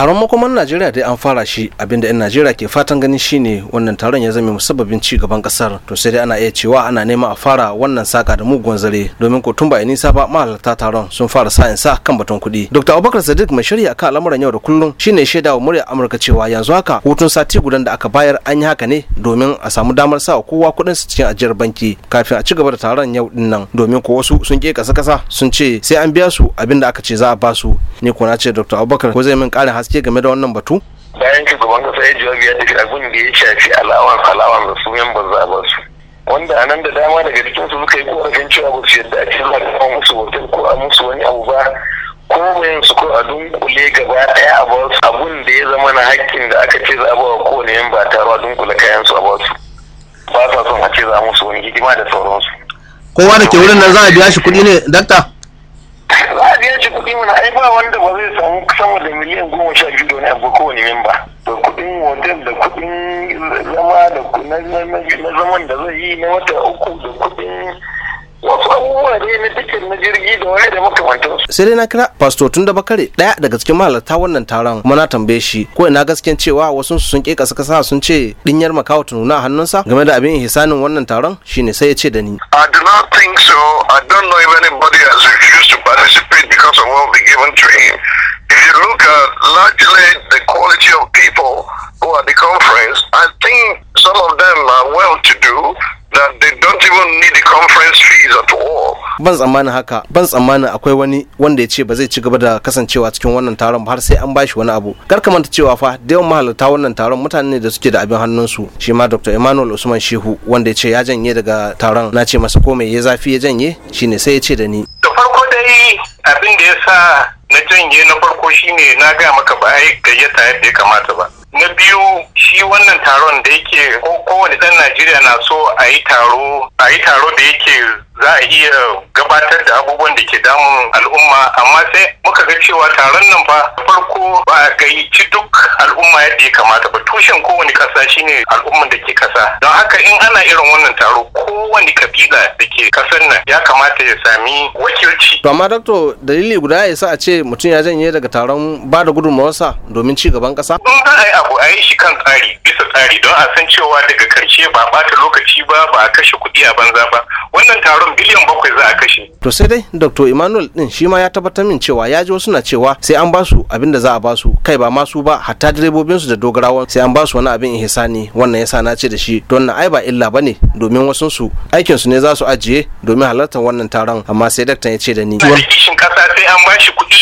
taron makoman najeriya dai an fara shi abinda 'yan najeriya ke fatan ganin shine wannan taron ya zama musabbabin ci gaban kasar to sai dai ana iya cewa ana neman a fara wannan saka da muguwan zare domin ko tun ba nisa ba mahalarta taron sun fara sa sa kan batun kuɗi dr abubakar sadiq mai shirya kan al'amuran yau da kullum shine shaida wa murya amurka cewa yanzu haka hutun sati gudan da aka bayar an yi haka ne domin a samu damar sa kowa kuɗin su cikin ajiyar banki kafin a ci gaba da taron yau din nan domin ko wasu sun ke kasa kasa sun ce sai an biya su abinda aka ce za a ba su ni ko na ce dr abubakar ko zai min ƙarin haske game da wannan batu bayan shugaban kasa ya jawabi ya tafi abin da ya shafi alawar alawar da su yan banza ba su wanda a nan da dama daga cikin su suka yi korafin cewa ba su yadda ake zuwa da musu hotel ko a musu wani abu ba ko su ko a dunkule gaba daya a ba su abun da ya zama na hakkin da aka ce za a ba wa kowane yan ba taro a dunkule kayan su a ba su ba sa son a ce za musu wani hidima da sauransu kowa da ke wurin nan za a biya shi kuɗi ne dakta za mana ai ba wanda ba zai samu sama da miliyan goma sha biyu da wani abu kowane memba da kuɗin hotel da kuɗin zama da na zaman da zai yi na wata uku da kuɗin wasu abubuwa da na tikin na jirgi da wani da makamantansu. sai dai na kira pasto tun da bakare daya daga cikin mahalarta wannan taron kuma na tambaye shi ko ina gaskiyan cewa wasu sun ke kasa kasa sun ce dinyar makawa ta nuna a hannunsa game da abin hisanin wannan taron shine sai ya ce da ni. I do not think so. I don't know if even dream. If you look at largely the quality of people who are the conference, I think some of them are well to do that they don't even conference fees at Ban tsammanin haka, ban tsammanin akwai wani wanda ya ce ba zai ci gaba da kasancewa cikin wannan taron ba har sai an bashi wani abu. Kar ka manta cewa fa da yawan mahalarta wannan taron mutane ne da suke da abin hannunsu. Shi ma Dr. Emmanuel Usman Shehu wanda ya ce ya janye daga taron na ce masa ko ya zafi ya janye shine sai ya ce da ni. Da farko dai abin da ya sa na janye na farko shine na ga maka ba a yi gayyata yadda ya kamata ba na biyu shi wannan taron da yake kowane ɗan najeriya na so a yi taro a yi taro da yake za a iya gabatar da abubuwan da ke damun al'umma amma sai muka ga cewa taron nan fa farko ba a gayyaci duk al'umma yadda ya kamata ba tushen kowane kasa shine al'umman da ke kasa don haka in ana irin wannan taro kowane kabila da ke kasar nan ya kamata ya sami wakilci. to amma dakto dalili guda ya sa a ce mutum ya janye daga taron ba da gudunmawarsa domin ci gaban kasa in za a yi abu a yi shi kan tsari bisa tsari don a san cewa daga karshe ba a ɓata lokaci ba ba a kashe kuɗi a banza ba wannan taron biliyan bakwai za a kashe. To sai dai Dr. Emmanuel din shi ma ya tabbatar min cewa ya ji wasu na cewa sai an ba su abin da za a ba su kai ba ma su ba hatta direbobin su da dogarawan sai an ba su wani abin ihsani wannan yasa na ce da shi don na ai ba illa ne domin wasun su aikinsu ne za su ajiye domin halartar wannan taron amma sai daktan ya ce da ni. Kishin kasa sai an ba shi kuɗi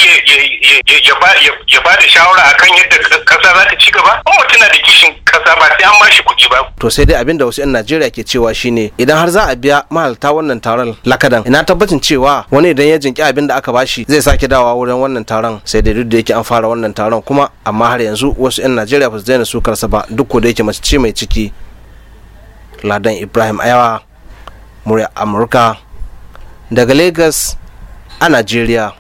ya ba da shawara akan yadda kasa za ta ci gaba. Mutum na da kishin kasa ba sai an bashi kuɗi ba. To sai dai abin da wasu 'yan Najeriya ke cewa shine idan har za a biya mahalta wannan taron lakadan ina tabbacin cewa wani idan ya jinki abin da aka bashi zai sake dawa wurin wannan taron sai dai duk da yake an fara wannan taron kuma amma har yanzu wasu 'yan Najeriya ba su daina sukarsa ba duk da yake mace ce mai ciki. Ladan Ibrahim Ayawa, murya Amurka daga Lagos a Najeriya.